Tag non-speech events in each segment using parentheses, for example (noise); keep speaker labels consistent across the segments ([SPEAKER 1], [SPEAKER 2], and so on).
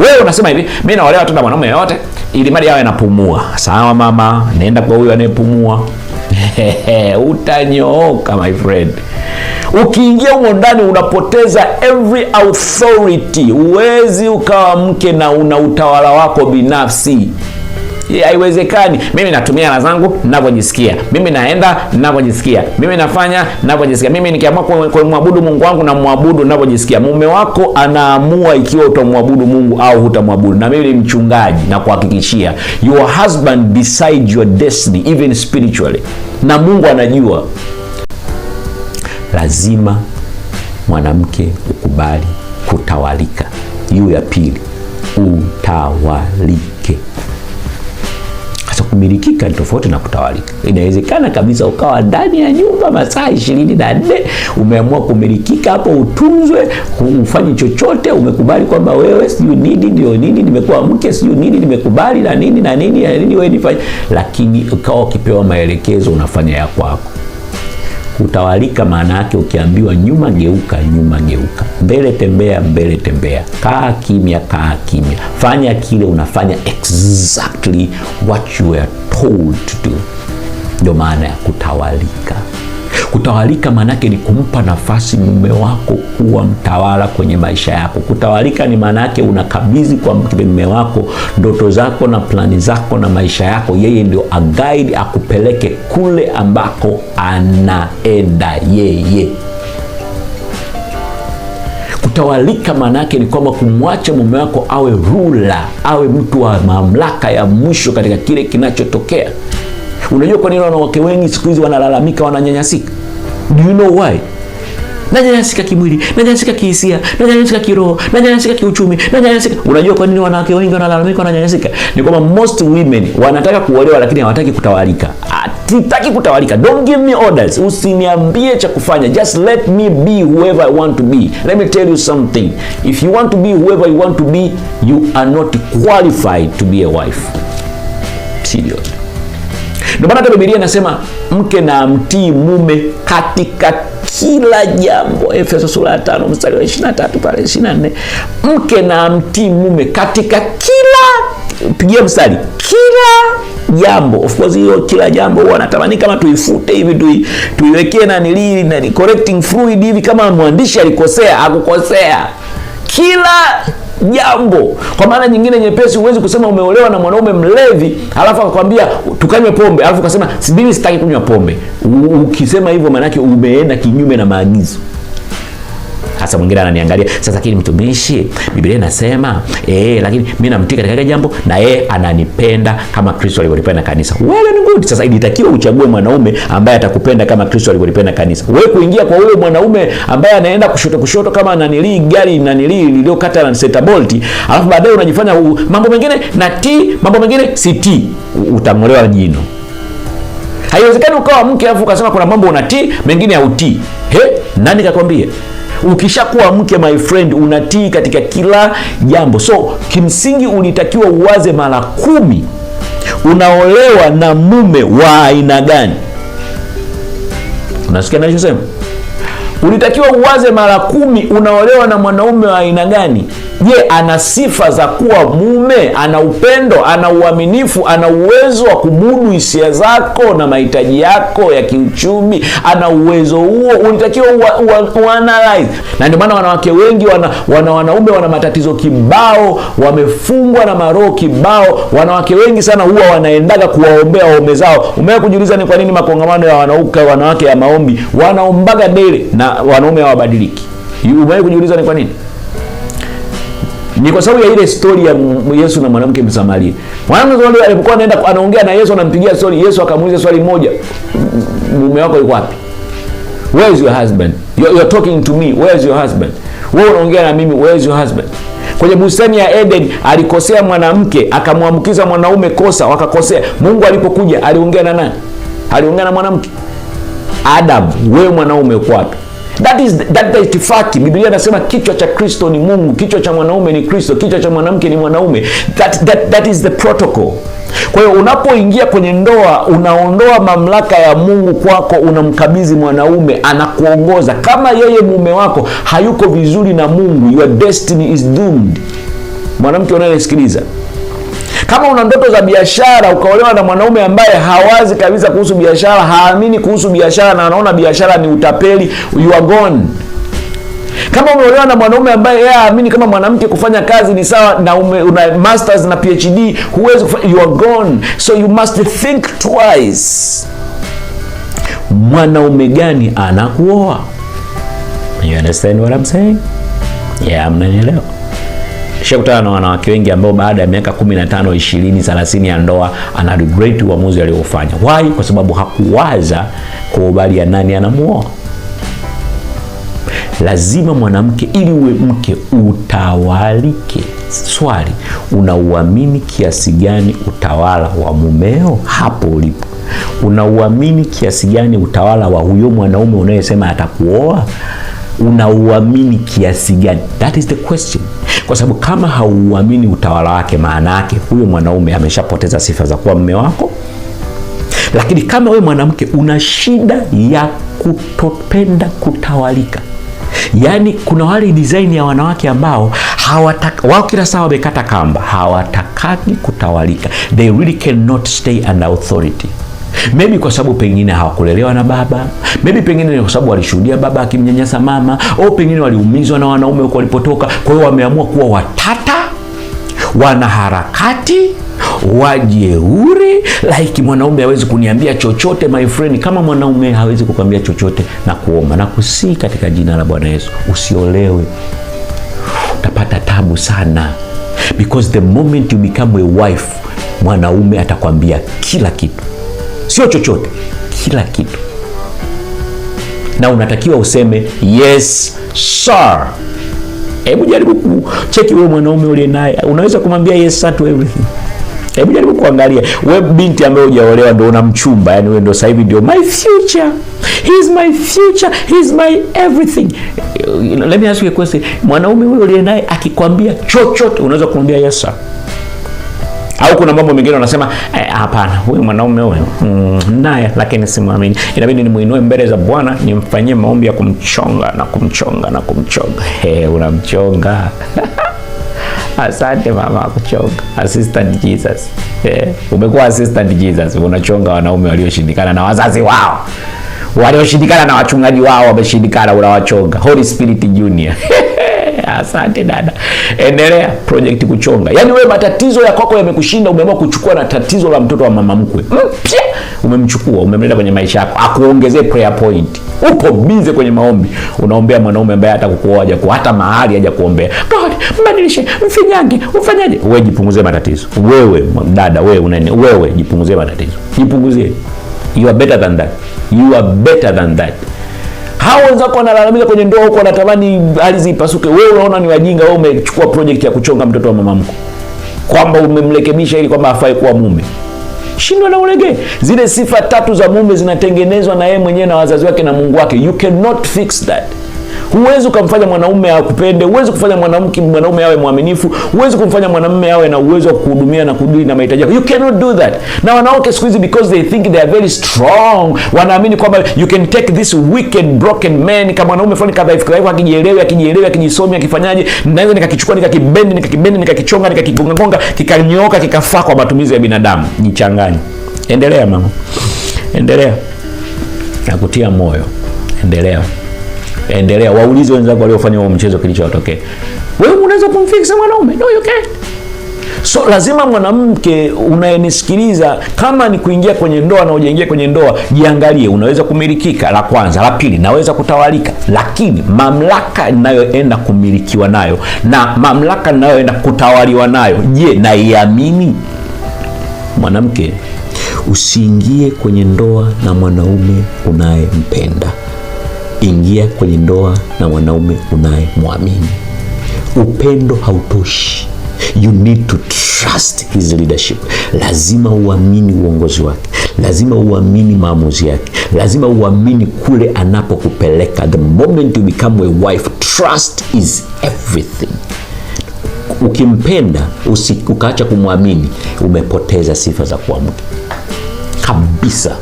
[SPEAKER 1] Wewe unasema hivi, mimi naolewa tu na mwanamume yoyote ili mali yao anapumua. Sawa mama, nenda kwa huyo anayepumua. (laughs) Utanyooka my friend. Ukiingia humo ndani unapoteza every authority. uwezi ukawa mke na una utawala wako binafsi. Eh, haiwezekani. Mimi natumia hela zangu ninavyojisikia, mimi naenda ninavyojisikia, mimi nafanya ninavyojisikia, mimi nikiamua kumwabudu Mungu wangu na mwabudu ninavyojisikia. Mume wako anaamua ikiwa utamwabudu Mungu au hutamwabudu. Na mimi ni mchungaji na kuhakikishia, your husband decide your destiny even spiritually, na Mungu anajua. Lazima mwanamke ukubali kutawalika. Hiyo ya pili, utawalike kumilikika ni tofauti na kutawalika. Inawezekana kabisa ukawa ndani ya nyumba masaa ishirini na nne, umeamua kumilikika hapo, utunzwe, ufanye chochote. Umekubali kwamba wewe sijui nini ndio nini, nimekuwa mke sijui nini, nimekubali na nini na nini na nini, wewe nifanye, lakini ukawa ukipewa maelekezo unafanya ya kwako. Utawalika maana yake ukiambiwa nyuma geuka, nyuma geuka, mbele tembea, mbele tembea, kaa kimya, kaa kimya, fanya kile unafanya exactly what you are told to do. Ndio maana ya kutawalika. Kutawalika maanake ni kumpa nafasi mume wako kuwa mtawala kwenye maisha yako. Kutawalika ni maanake unakabidhi kwa mume wako ndoto zako na plani zako na maisha yako, yeye ndio agaidi akupeleke kule ambako anaenda yeye. Kutawalika maanake ni kwamba kumwacha mume wako awe rula, awe mtu wa mamlaka ya mwisho katika kile kinachotokea. Unajua kwa nini wanawake wengi siku hizi wanalalamika, wananyanyasika? Do you know why? Nanyanyasika kimwili, nanyanyasika kihisia, nanyanyasika kiroho, nanyanyasika kiuchumi, nanyanyasika. Unajua kwa nini wanawake wengi wanalalamika wananyanyasika? Ni kwamba most women wanataka kuolewa lakini hawataki kutawalika. Sitaki kutawalika. Don't give me orders. Usiniambie cha kufanya. Just let me be whoever I want to be. Let me tell you something. If you want to be whoever you want to be, you are not qualified to be a wife. Serious. Ndio maana hata Biblia inasema mke na amtii mume katika kila jambo, Efeso sura ya 5 mstari wa 23 pale 24. Mke na amtii mume katika kila pigia mstari kila jambo. Of course hiyo kila jambo huwa natamani kama tuifute hivi tui, tuiwekee na nili na correcting fluid hivi, kama mwandishi alikosea, akukosea kila jambo. Kwa maana nyingine nyepesi, huwezi kusema umeolewa na mwanaume mlevi alafu akakwambia tukanywe pombe alafu ukasema mimi sitaki kunywa pombe. Ukisema hivyo, maanake umeenda kinyume na maagizo. Hasa mwingine ananiangalia sasa, lakini mtumishi, Biblia inasema eh, lakini mimi namtii katika kila jambo na yeye ananipenda kama Kristo alivyolipenda kanisa. Wewe ni good. Sasa ilitakiwa uchague mwanaume ambaye atakupenda kama Kristo alivyolipenda kanisa. Wewe kuingia kwa yule mwanaume ambaye anaenda kushoto kushoto kama ananilii gari nanilii lililokata na seta bolti, alafu baadaye unajifanya mambo mengine na natii, mambo mengine si sitii, utamolewa jino. Haiwezekani ukawa mke afu ukasema kuna mambo unatii mengine hautii. He, nani kakwambie? Ukishakuwa mke, my friend, unatii katika kila jambo. So kimsingi ulitakiwa uwaze mara kumi unaolewa na mume wa aina gani. Unasikia nachosema? Ulitakiwa uwaze mara kumi unaolewa na mwanaume wa aina gani. Je, ana sifa za kuwa mume? Ana upendo? Ana uaminifu? Ana uwezo wa kumudu hisia zako na mahitaji yako ya kiuchumi? Ana uwezo huo? Unatakiwa uanalyze. Na ndio maana wanawake wengi wana, wana wanaume wana matatizo kibao, wamefungwa na maroho kibao. Wanawake wengi sana huwa wanaendaga kuwaombea waume zao. Umewahi kujiuliza ni kwa nini makongamano ya wanauka wanawake ya maombi wanaombaga dele na wanaume hawabadiliki? Umewahi kujiuliza ni kwa nini? ni kwa sababu ya ile stori ya Yesu na mwanamke Msamaria. Mwanamke yule alipokuwa anaenda anaongea na Yesu, anampigia stori, Yesu akamuuliza swali moja, mume wako yuko wapi? Where is your husband? You are talking to me. Where is your husband? Wewe unaongea na mimi, where is your husband? Kwenye bustani ya Eden alikosea mwanamke, akamwamkiza mwanaume kosa, wakakosea. Mungu alipokuja aliongea na nani? Aliongea na mwanamke. Adam, wewe mwanaume uko wapi? that is that is itifaki. Biblia inasema kichwa cha Kristo ni Mungu, kichwa cha mwanaume ni Kristo, kichwa cha mwanamke ni mwanaume. That, that, that is the protocol. Kwa hiyo unapoingia kwenye ndoa, unaondoa mamlaka ya Mungu kwako, unamkabidhi mwanaume, anakuongoza. Kama yeye mume wako hayuko vizuri na Mungu, your destiny is doomed. Mwanamke unayesikiliza kama una ndoto za biashara ukaolewa na mwanaume ambaye hawazi kabisa kuhusu biashara, haamini kuhusu biashara na anaona biashara ni utapeli, you are gone. Kama umeolewa na mwanaume ambaye yeye haamini kama mwanamke kufanya kazi ni sawa na ume, una masters na PhD, huwezi kufanya, you are gone. So you must think twice. Mwanaume gani anakuoa? You understand what I'm saying? Yeah, mnanielewa kutana na wanawake wengi ambao baada ya miaka 15, 20, 30 ya ndoa ana regret uamuzi aliofanya. Why? Kwa sababu hakuwaza kuubalia nani anamuoa. Lazima mwanamke, ili uwe mke, utawalike. Swali, unauamini kiasi gani utawala wa mumeo hapo ulipo? Unauamini kiasi gani utawala wa huyo mwanaume unayesema atakuoa? unauamini kiasi gani? That is the question, kwa sababu kama hauamini utawala wake, maana yake huyo mwanaume ameshapoteza sifa za kuwa mme wako. Lakini kama wewe mwanamke una shida ya kutopenda kutawalika, yaani kuna wale design ya wanawake ambao hawataka wao, kila saa wamekata kamba, hawatakaki kutawalika, they really cannot stay under authority. Maybe kwa sababu pengine hawakulelewa na baba, maybe pengine ni kwa sababu walishuhudia baba akimnyanyasa mama, au pengine waliumizwa na wanaume huko walipotoka. Kwa hiyo wameamua kuwa watata, wana harakati wajeuri. Like mwanaume hawezi kuniambia chochote, my friend. Kama mwanaume hawezi kukwambia chochote, na kuomba na kusii katika jina la Bwana Yesu, usiolewe, utapata tabu sana, because the moment you become a wife, mwanaume atakwambia kila kitu sio chochote, kila kitu, na unatakiwa useme yes sir. Hebu jaribu kucheki wewe mwanaume uliye naye, unaweza kumwambia yes sir to everything. Hebu jaribu kuangalia we binti ambaye hujaolewa ndo una mchumba, yani wewe ndo sasa hivi ndio my future, he is my future, he is my everything. Let me ask you a question, mwanaume huyo uliye naye akikwambia chochote, unaweza kumwambia yes sir? au kuna mambo mengine wanasema eh, hapana, eh, huyu mwanaume huyu mm, naye lakini simwamini, inabidi nimuinue mbele za Bwana nimfanyie maombi ya kumchonga na kumchonga na kumchonga. Hey, unamchonga (laughs) Asante mama, kuchonga assistant Jesus. Eh, umekuwa assistant Jesus, unachonga wanaume walioshindikana na wazazi wao, walioshindikana na wachungaji wao, wameshindikana, unawachonga Holy Spirit Junior. (laughs) Asante dada, endelea project kuchonga. yani wewe matatizo ya kwako yamekushinda, umeamua kuchukua na tatizo la mtoto wa mama mkwe mpya, mm, umemchukua umemleta kwenye maisha yako, akuongezee prayer point, upo bize kwenye maombi, unaombea mwanaume ambaye hata kukuoa kwa hata mahali kuombea, God mbadilishe, mfinyange, ufanyaje? Wewe jipunguzie matatizo, wewe dada, wewe unene, wewe jipunguzie matatizo, jipunguzie. You are better than that, you are better than that hao wenzako wanalalamika kwenye ndoa huko, wanatamani ardhi ipasuke, wewe unaona ni wajinga. Wewe umechukua project ya kuchonga mtoto wa mama mko, kwamba umemrekebisha ili kwamba afae kuwa mume. Shindwa na ulege. Zile sifa tatu za mume zinatengenezwa na yeye mwenyewe na wazazi wake na Mungu wake. You cannot fix that. Huwezi ukamfanya mwanaume akupende, huwezi kufanya mwanamke mwanaume awe mwaminifu, huwezi kumfanya mwanamume awe na uwezo wa kuhudumia na kudili na mahitaji yako. You cannot do that. Na wanawake siku hizi because they think they are very strong, wanaamini kwamba you can take this wicked broken man, kama mwanaume fulani kadhaifu kadhaifu, akijielewi akijielewi akijisomi akifanyaje, naweza nikakichukua nikakibendi nikakibendi nikakichonga nikakigongagonga kikanyooka kikafaa kwa matumizi ya binadamu. Jichanganye. Endelea mama, endelea, nakutia moyo, endelea endelea, waulize wenzako waliofanya huo mchezo kilichotokea Wewe unaweza kumfikisa mwanaume? No, you can't. So lazima mwanamke unayenisikiliza, kama ni kuingia kwenye ndoa na ujaingia kwenye ndoa, jiangalie, unaweza kumilikika, la kwanza. La pili, naweza kutawalika, lakini mamlaka ninayoenda kumilikiwa nayo na mamlaka ninayoenda kutawaliwa nayo, je, naiamini? Mwanamke, usiingie kwenye ndoa na mwanaume unayempenda ingia kwenye ndoa na mwanaume unayemwamini. Upendo hautoshi, you need to trust his leadership. Lazima uamini uongozi wake, lazima uamini maamuzi yake, lazima uamini kule anapokupeleka. The moment you become a wife, trust is everything. Ukimpenda usi, ukaacha kumwamini, umepoteza sifa za kuwa mke kabisa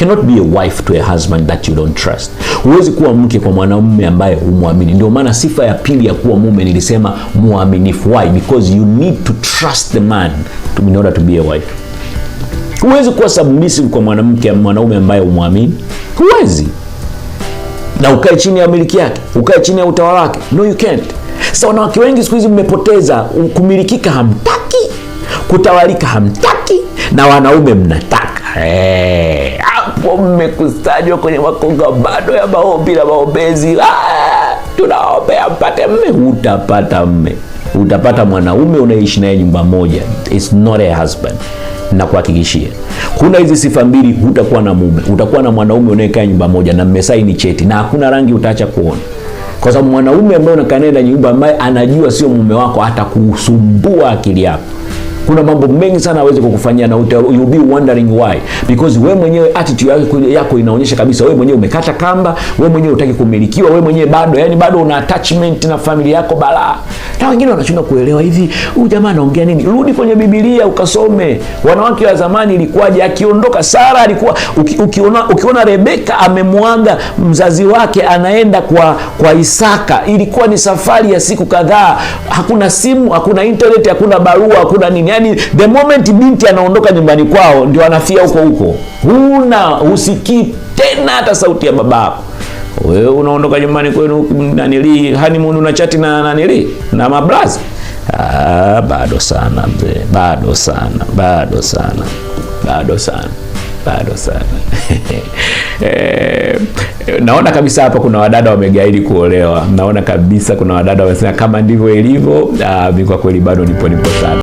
[SPEAKER 1] cannot be a wife to a husband that you don't trust. Huwezi kuwa mke kwa mwanamume ambaye humwamini. Ndio maana sifa ya pili ya kuwa mume nilisema mwaminifu. Why? Because you need to trust the man to, in order to be a wife. Huwezi kuwa submissive kwa mwanamke mwanaume ambaye humwamini, huwezi na ukae chini ya miliki yake, ukae chini ya utawala wake. No, you can't. Sasa wanawake wengi siku hizi mmepoteza kumilikika, hamtaki kutawalika, hamtaki na wanaume mnataka. Hey, mmekusanywa kwenye makongamano ya maombi na maombezi. Ah, tunaombea mpate mme. utapata mme, utapata mwanaume unaishi naye nyumba moja. It's not a husband. Nakuhakikishia, kuna hizi sifa mbili, hutakuwa na mume. Utakuwa na mwanaume unayekaa nyumba moja na mmesaini cheti, na hakuna rangi utaacha kuona kwa sababu mwanaume ambaye unakaa naye nyumba ambaye anajua sio mume wako, kusumbua akili yako kuna mambo mengi sana hawezi kukufanyia na uta, you'll be wondering why because wewe mwenyewe attitude yako, yako inaonyesha kabisa wewe mwenyewe umekata kamba, wewe mwenyewe utaki kumilikiwa, wewe mwenyewe bado yani bado una attachment na familia yako balaa na wengine wanashindwa kuelewa, hivi huyu jamaa anaongea nini? Rudi kwenye bibilia ukasome wanawake wa zamani ilikuwaje. Akiondoka Sara alikuwa uki, ukiona, ukiona Rebeka amemwaga mzazi wake anaenda kwa, kwa Isaka, ilikuwa ni safari ya siku kadhaa. Hakuna simu, hakuna internet, hakuna barua, hakuna nini. Yani the moment binti anaondoka nyumbani kwao ndio anafia huko huko, huna usikii tena hata sauti ya babako. Wewe unaondoka nyumbani kwenu nanili honeymoon na chati na nanili na mablazi. Ah, bado sana mzee, bado sana, bado sana, bado sana, bado sana. (laughs) Eh, naona kabisa hapa kuna wadada wamegairi kuolewa. Naona kabisa kuna wadada wamesema kama ndivyo ilivyo. Ah, kwa kweli bado nipo nipo sana.